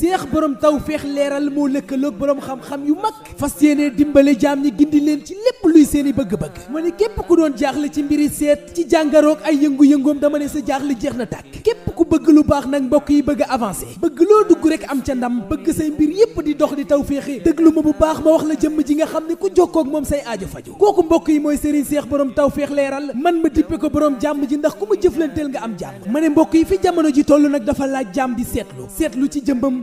seex borom taw feex leeral moo lëkkaloog borom xam-xam yu mag fas yéene dimbale jaam ni gindi leen ci lépp luy seeni bëgg-bëgg ma ne képp ku doon jaaxle ci mbir yi seet ci jàngaroog ay yëngu-yëngoom dama ne sa jaaxle jeex na tàkk képp ku bëgg lu baax nag mbokk yi bëgg a bëgg loo dugg rek am ca ndam bëgg say mbir yépp di dox di taw féexe déglu ma bu baax ma wax la jëmm ji nga xam ne ku jokkoo moom say aajo faju kooku mbokk yi mooy Serigne Seex borom taw feex man ma dippe ko borom jàmm ji ndax ku ma jëflanteel nga am jàmm ma ne mbokk yi fi jamono ji toll nag dafa laaj jàmm di seetlu seetlu ci jëmbam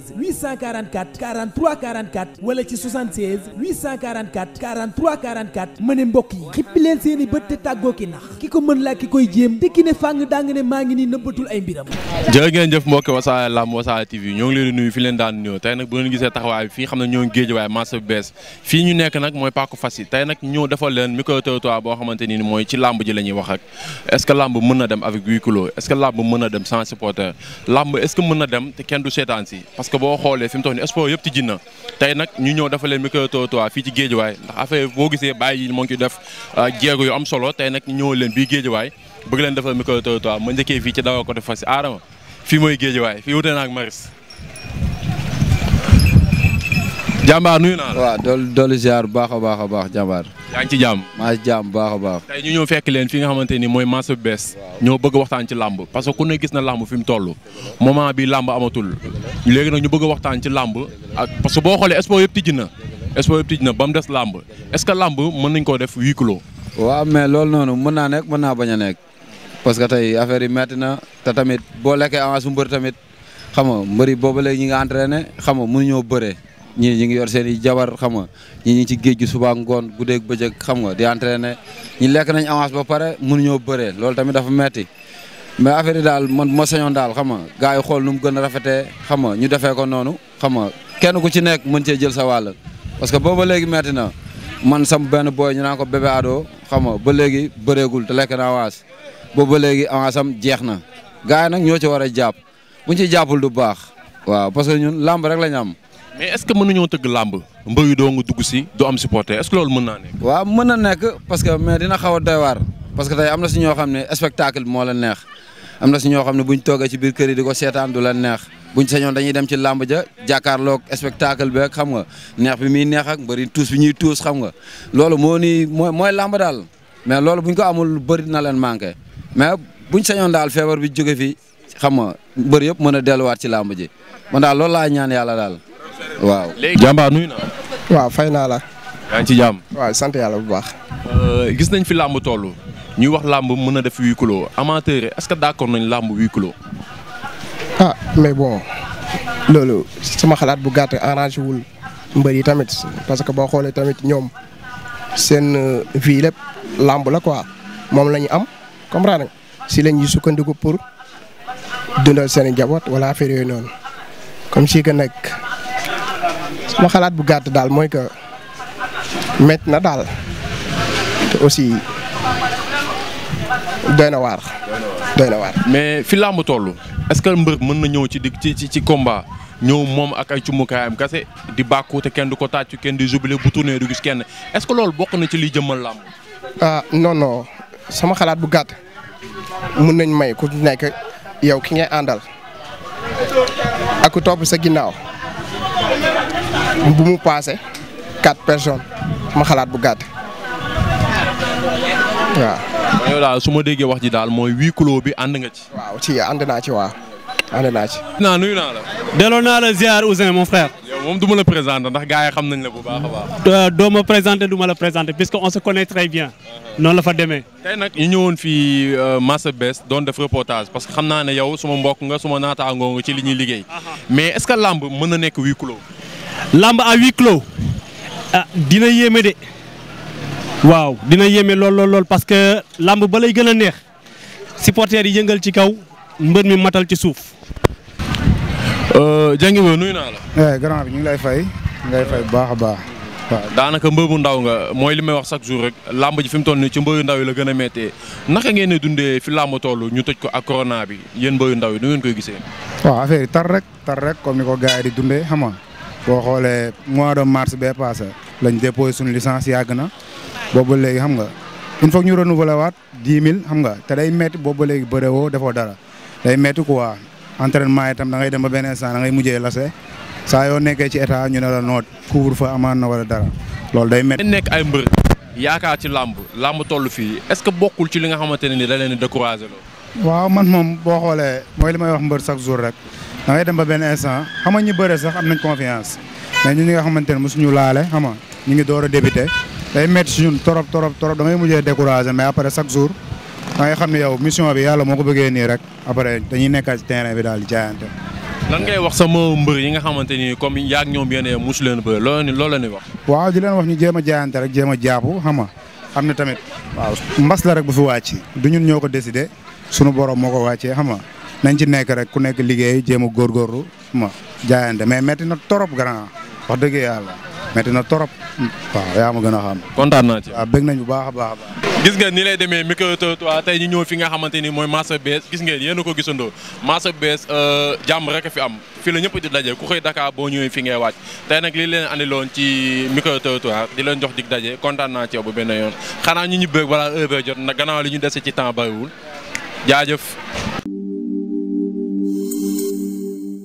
76 844 43 44 wala ci 76 mbokk yi xippi leen seen i bët te tàggoo ki nax ki ko mën laa ki koy jéem te ki ne fàng daa ne maa ngi nii nëbbatul ay mbiram. jërë ngeen jëf mbokki Wassare Lamb Wassare TV ñoo ngi leen nuyu fi leen daan nuyoo tey nag bu ngeen gisee taxawaay bi fii xam ne ñoo géej waaye marché bees fii ñu nekk nag mooy pàkku fas tey nag ñoo defal leen micro-trottoir boo xamante ni mooy ci làmb ji la wax ak est làmb mën na dem avec huis clos est làmb parce que boo xoolee fi mu toll nii sport yëpp tijji na tey nag ñu ñëw dafa leen micro-trottoir fii ci waay ndax affaire boo gisee bàyyi yi moo ci def euh, jéego yu am solo tey nag ñu ñëw leen bii waay bëgg leen defal micro-trottoir ma njëkkee fii ci dawa ko def fa si aadama fii mooy waay fii wute naak maris jàmbaar nuy naa la waaw dool baax a baax a baax jàmbaar yaa ngi ci jàmm maa ngi ci jàmm baax a baax tey ñu ñëw fekk leen fi nga xamante ni mooy marché bu bees ñoo bëgg waxtaan ci làmb parce que ku ne gis na làmb fi mu toll moment bi làmb amatul léegi nag ñu bëgg waxtaan ci làmb ak parce que boo xoolee sport yëpp tijji na sport yëpp tijji na ba mu des làmb est-ce que làmb mën nañ koo def huis waa waaw mais loolu noonu mën naa nekk mën naa bañ a nekk parce que tey affaire yi metti na te tamit boo lekkee avance bu mbër tamit xam nga mbëri boobu léegi ñi nga entraîné xam nga mënuñoo bëree ñii ñu ngi yor seen i jabar xam nga ñu ngi ci géej gi subaa ngoon guddeeg bëccëg xam nga di entraîné ñu lekk nañ avance ba pare mënuñoo bëree loolu tamit dafa metti mais affaire yi daal man ma sañoon daal xam nga gars yi xool nu mu gën a rafete xam ñu defee ko noonu xam nga kenn ku ci nekk mën cee jël sa wàll parce que booba léegi metti na man sam benn booy ñu naan ko bébé ado xam nga ba léegi bëreegul te lekk na avance boobu léegi avance sam jeex na gars nag ñoo ci war a jàpp buñ ci jàppul du baax waaw parce que ñun làmb rek lañ am mais est-ce que mënuñoo tëgg làmb mbër yi doo nga dugg si du am supporter est que loolu mën naa nekk. waaw mën na nekk parce que mais dina xaw a doy parce que tey am na si ñoo xam ne spectacle bi moo la neex am na si ñoo xam ne buñ toogee ci biir kër yi di ko seetaan du la neex buñ sañoon dañuy dem ci làmb ja jàkkaarloog spectacle bi ak xam nga neex bi muy neex ak mbëri tuus bi ñuy tuus xam nga loolu moo ni mooy mooy làmb daal mais loolu buñ ko amul lu bëri na leen manqué mais buñ sañoon daal feebar bi jóge fi xam nga mbër yëpp mën a delluwaat ci làmb ji man daal loolu laa ñaan yàlla daal waaw léegi jàmbaar nuyu na waaw fay naa la. yaa ci jàmm. waaw sant yàlla bu baax. Euh, gis nañ fi làmb toolu ñuy wax làmb mën a def huis clos amateur yi est-ce que d'accord nañ làmb huis clos. ah mais bon loolu sama xalaat bu gàtt arrangé wul mbër yi tamit parce que boo xoolee tamit ñoom seen fii euh, lépp làmb la quoi moom lañu ñu am comprendre si lañ ñu sukkandiku pour dundal seen i njaboot wala affaire yooyu noonu comme si ka nekk sama xalaat bu gàtt daal mooy que métti na daal te aussi doy na waar. doy na waar mais fi làmb toll est-ce mbër mën na ñëw ci di ci ci combat moom ak ay cumukaayam kase di bàkku kenn du ko tàccu kenn di jubile bu tourné gis kenn est loolu bokk na ci liy jëmmal làmb. ah sama xalaat bu gàtt mën nañ may ku nekk yow ki ngay àndal ak ku topp sa ginnaaw. bu mu paase quatre personnes ma xalaat bu gàtt waaw. ma déggee wax ji daal mooy huis clos bi ànd nga ci. waaw ci ànd naa ci waaw ànd naa ci. naa nuyu naa la. delloo naa la ziar Ousin mon frère. yow moom du ma la présenter ndax gars yi xam nañ la bu baax a baax. Euh, doo ma présenter du ma la présenter puisque on se connaît très bien. noonu la fa demee. tey nag ñu ñëwoon fii euh, Mass Bess doon def reportage parce que xam naa ne yow suma mbok nga suma naataangoo ci li ñuy liggéey. mais est-ce que mën na nekk huis clos. làmb à huis clos ah, dina yéeme de waaw dina yéeme lool lool lool parce que làmb ba lay gën a neex supporters yi yëngal ci kaw mbër mi matal ci suuf. Euh, jàngi ba nuyu naa la. Eh, grand bi ñu ngi lay fay ñu lay fay bu baax a baax. waaw daanaka mbër bu ndaw nga mooy li may wax chaque jour rek làmb ji fi mu toll nii ci mbëru ndaw yi la gën a méttee naka ngeen di dundee fi làmb toolu ñu tëj ko ak corona bi yéen mbëru ndaw yi nu ngeen koy gisee. waaw affaire tar rek tar rek comme ni ko gars di dundee xam boo xoolee mois de mars bee passé lañ déposé suñu licence yàgg na boobu léegi xam nga il faut ñu renouveler waat dix mille xam nga te day metti boobu léegi bëre woo defoo dara day metti quoi entraînement itam da ngay dem ba benn instant da ngay mujjee lase saa yo nekkee ci état ñu ne la noot couvre fa amaan na wala dara loolu day metti nekk ay mbër yaakaar ci làmb làmb toll fii est-ce que bokkul ci li nga xamante ne ni da leen di décourager loolu waaw man moom boo xoolee mooy li may wax mbër chaque jour rek da ngay dem ba benn instant xam nga ñu bëre sax am nañ confiance mais ñun ñi nga xamante ne mosuñu suñu xam nga ñu ngi door a débuté day métti si trop trop torop torop da ngay mujjee découragé mais après chaque jour da ngay xam ne yow mission bi yàlla moo ko bëggee nii rek après dañuy nekkaat ci bi daal di jaayante. lan ngay wax sama mbër yi nga xamante ni comme yaa ak ñoom yéen a su leen bëre loolu loolu la wax. waaw di leen wax ñu jéem a jaayante rek jéem a jàpp xam nga xam ne tamit. waaw mbas la rek bu fi wàcc du ñun ñoo ko décidé sunu borom moo ko wàccee xam nga nañ ci nekk rek ku nekk liggéey jéema a góorgóorlu ma jaayante mais métti na trop grand wax dëgg yàlla métti na trop. waaw ma gën a xam. kontaan naa ci waaw bëgg nañ bu baax a baax gis nga ni lay demee micro-trottoir te ñu ñëw fi nga xamante ni mooy marché bees gis ngeen yéen a ko gisandoo marché bees euh, jàmm rek a fi am fi la ñëpp di daje ku xëy dakaar boo ñëwee fi ngay wàcc tey nag li leen andiloon ci micro-trottoir di leen jox dig daje kontaan naa ci yow bu benn yoon xanaa ñu ñu bëgg balaa jot nag gannaaw li ñu dese ci temps bariwul jaajëf.